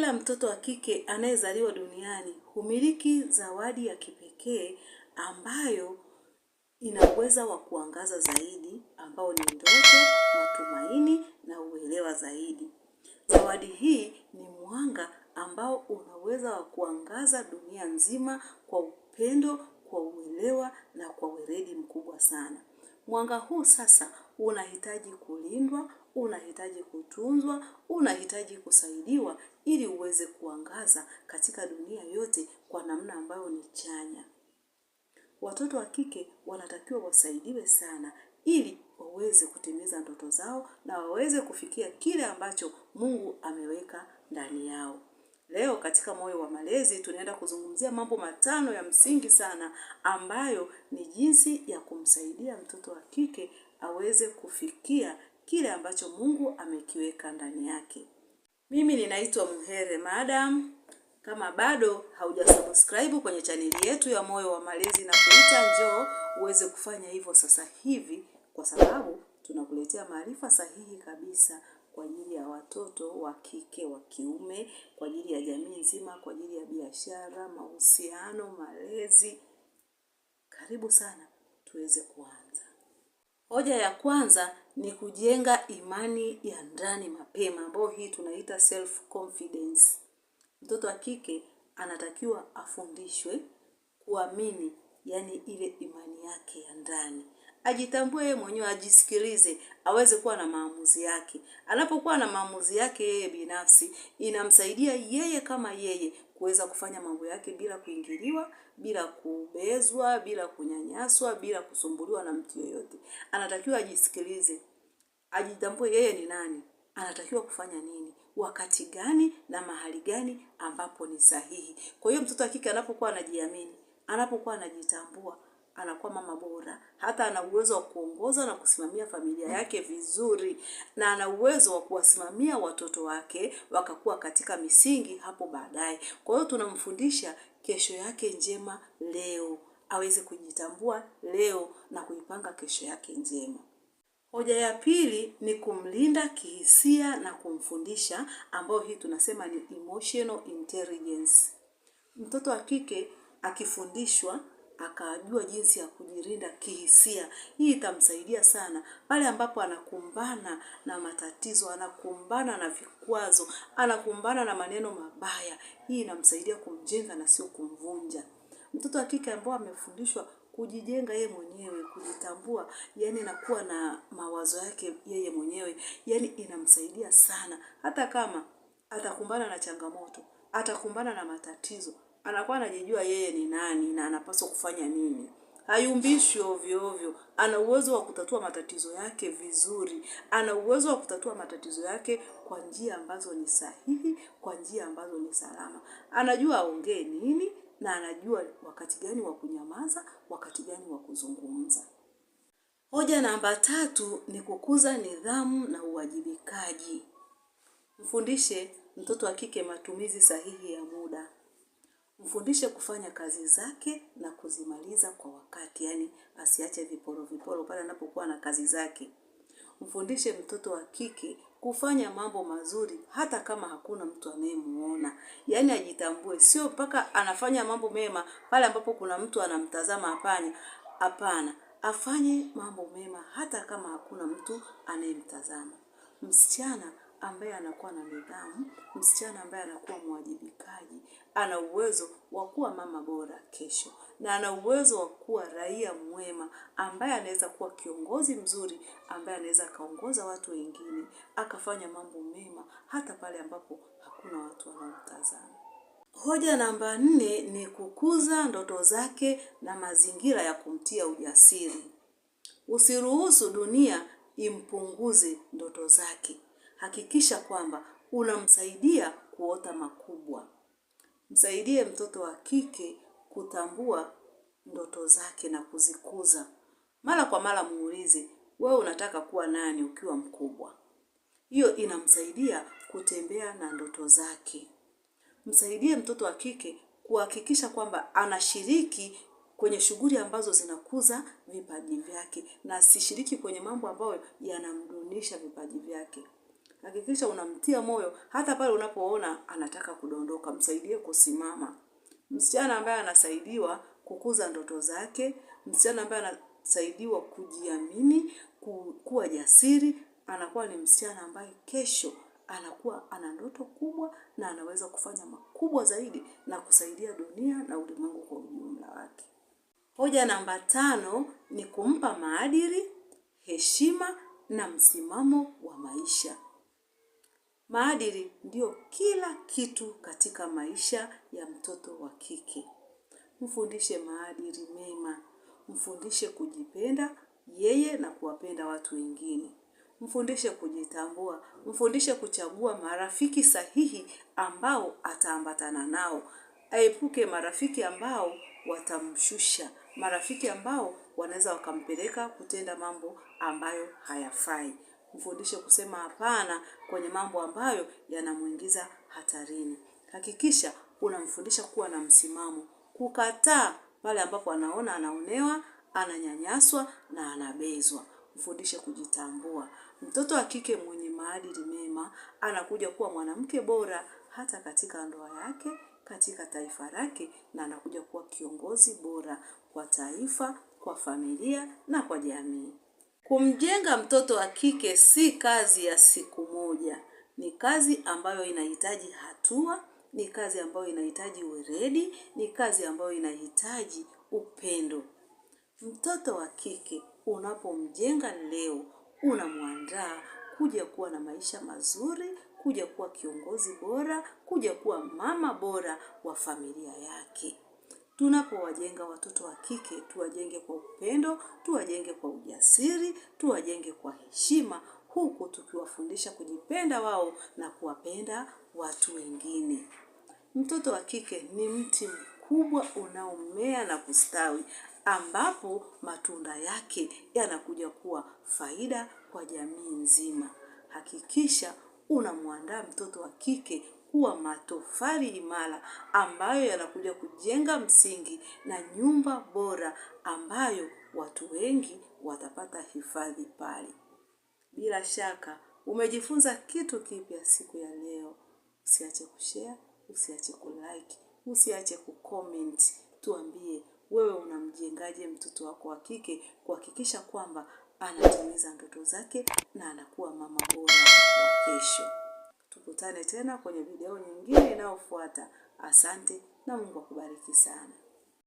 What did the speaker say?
Kila mtoto wa kike anayezaliwa duniani humiliki zawadi ya kipekee ambayo ina uweza wa kuangaza zaidi ambao ni ndoto, matumaini na uelewa zaidi. Zawadi hii ni mwanga ambao unaweza wa kuangaza dunia nzima kwa upendo, kwa uelewa na kwa weledi mkubwa sana. Mwanga huu sasa unahitaji kulindwa, unahitaji kutunzwa, unahitaji kusaidiwa ili uweze kuangaza katika dunia yote kwa namna ambayo ni chanya. Watoto wa kike wanatakiwa wasaidiwe sana ili waweze kutimiza ndoto zao na waweze kufikia kile ambacho Mungu ameweka ndani yao. Leo katika Moyo wa Malezi tunaenda kuzungumzia mambo matano ya msingi sana ambayo ni jinsi ya kumsaidia mtoto wa kike aweze kufikia kile ambacho Mungu amekiweka ndani yake. Mimi ninaitwa Muhere Madam. Kama bado haujasubscribe kwenye chaneli yetu ya Moyo wa Malezi na kuita, njoo uweze kufanya hivyo sasa hivi, kwa sababu tunakuletea maarifa sahihi kabisa kwa ajili ya watoto wa kike, wa kiume, kwa ajili ya jamii nzima, kwa ajili ya biashara, mahusiano, malezi. Karibu sana tuweze kuanza. Hoja ya kwanza ni kujenga imani ya ndani mapema, ambayo hii tunaita self confidence. Mtoto wa kike anatakiwa afundishwe kuamini, yani ile imani yake ya ndani ajitambue yeye mwenyewe, ajisikilize, aweze kuwa na maamuzi yake. Anapokuwa na maamuzi yake yeye binafsi, inamsaidia yeye kama yeye kuweza kufanya mambo yake bila kuingiliwa, bila kubezwa, bila kunyanyaswa, bila kusumbuliwa na mtu yeyote. Anatakiwa ajisikilize, ajitambue yeye ni nani, anatakiwa kufanya nini, wakati gani na mahali gani ambapo ni sahihi. Kwa hiyo mtoto wa kike anapokuwa anajiamini, anapokuwa anajitambua anakuwa mama bora, hata ana uwezo wa kuongoza na kusimamia familia yake vizuri, na ana uwezo wa kuwasimamia watoto wake wakakuwa katika misingi hapo baadaye. Kwa hiyo tunamfundisha kesho yake njema leo, aweze kujitambua leo na kuipanga kesho yake njema. Hoja ya pili ni kumlinda kihisia na kumfundisha, ambayo hii tunasema ni emotional intelligence. Mtoto wa kike akifundishwa akajua jinsi ya kujirinda kihisia. Hii itamsaidia sana pale ambapo anakumbana na matatizo, anakumbana na vikwazo, anakumbana na maneno mabaya. Hii inamsaidia kumjenga na sio kumvunja. Mtoto wa kike ambao amefundishwa kujijenga yeye mwenyewe, kujitambua, yani nakuwa na mawazo yake yeye mwenyewe, yani inamsaidia sana, hata kama atakumbana na changamoto, atakumbana na matatizo anakuwa anajijua yeye ni nani na anapaswa kufanya nini. hayumbishi ovyo ovyo, ana uwezo wa kutatua matatizo yake vizuri, ana uwezo wa kutatua matatizo yake kwa njia ambazo ni sahihi, kwa njia ambazo ni salama. Anajua aongee nini na anajua wakati gani wa kunyamaza, wakati gani wa kuzungumza. Hoja namba tatu ni kukuza nidhamu na uwajibikaji. Mfundishe mtoto wa kike matumizi sahihi ya muda mfundishe kufanya kazi zake na kuzimaliza kwa wakati, yaani asiache viporo viporo pale anapokuwa na kazi zake. Mfundishe mtoto wa kike kufanya mambo mazuri hata kama hakuna mtu anayemuona, yaani ajitambue, sio mpaka anafanya mambo mema pale ambapo kuna mtu anamtazama. Hapana, hapana, afanye mambo mema hata kama hakuna mtu anayemtazama msichana ambaye anakuwa na nidhamu, msichana ambaye anakuwa mwajibikaji, ana uwezo wa kuwa mama bora kesho, na ana uwezo wa kuwa raia mwema ambaye anaweza kuwa kiongozi mzuri, ambaye anaweza akaongoza watu wengine, akafanya mambo mema hata pale ambapo hakuna watu wanaomtazama. Hoja namba nne ni kukuza ndoto zake na mazingira ya kumtia ujasiri. Usiruhusu dunia impunguze ndoto zake hakikisha kwamba unamsaidia kuota makubwa. Msaidie mtoto wa kike kutambua ndoto zake na kuzikuza. Mara kwa mara muulize, wewe unataka kuwa nani ukiwa mkubwa? Hiyo inamsaidia kutembea na ndoto zake. Msaidie mtoto wa kike kuhakikisha kwamba anashiriki kwenye shughuli ambazo zinakuza vipaji vyake na asishiriki kwenye mambo ambayo yanamdunisha vipaji vyake. Hakikisha unamtia moyo hata pale unapoona anataka kudondoka, msaidie kusimama. Msichana ambaye anasaidiwa kukuza ndoto zake, msichana ambaye anasaidiwa kujiamini, kuwa jasiri, anakuwa ni msichana ambaye kesho anakuwa ana ndoto kubwa na anaweza kufanya makubwa zaidi na kusaidia dunia na ulimwengu kwa ujumla wake. Hoja namba tano ni kumpa maadili, heshima na msimamo wa maisha. Maadili ndiyo kila kitu katika maisha ya mtoto wa kike. Mfundishe maadili mema, mfundishe kujipenda yeye na kuwapenda watu wengine, mfundishe kujitambua, mfundishe kuchagua marafiki sahihi ambao ataambatana nao. Aepuke marafiki ambao watamshusha, marafiki ambao wanaweza wakampeleka kutenda mambo ambayo hayafai mfundishe kusema hapana kwenye mambo ambayo yanamuingiza hatarini. Hakikisha unamfundisha kuwa na msimamo, kukataa pale ambapo anaona anaonewa, ananyanyaswa na anabezwa. Mfundishe kujitambua. Mtoto wa kike mwenye maadili mema anakuja kuwa mwanamke bora hata katika ndoa yake, katika taifa lake, na anakuja kuwa kiongozi bora kwa taifa, kwa familia na kwa jamii. Kumjenga mtoto wa kike si kazi ya siku moja, ni kazi ambayo inahitaji hatua, ni kazi ambayo inahitaji weredi, ni kazi ambayo inahitaji upendo. Mtoto wa kike unapomjenga leo, unamwandaa kuja kuwa na maisha mazuri, kuja kuwa kiongozi bora, kuja kuwa mama bora wa familia yake. Tunapowajenga watoto wa kike, tuwajenge kwa upendo, tuwajenge kwa ujasiri, tuwajenge kwa heshima, huku tukiwafundisha kujipenda wao na kuwapenda watu wengine. Mtoto wa kike ni mti mkubwa unaomea na kustawi, ambapo matunda yake yanakuja kuwa faida kwa jamii nzima. Hakikisha unamwandaa mtoto wa kike kuwa matofali imara ambayo yanakuja kujenga msingi na nyumba bora ambayo watu wengi watapata hifadhi pale. Bila shaka umejifunza kitu kipya siku ya leo. Usiache kushare, usiache kulike, usiache kucomment. Tuambie wewe unamjengaje mtoto wako wa kike kuhakikisha kwamba anatimiza ndoto zake na anakuwa mama bora wa kesho. Tukutane tena kwenye video nyingine inayofuata. Asante na Mungu akubariki sana.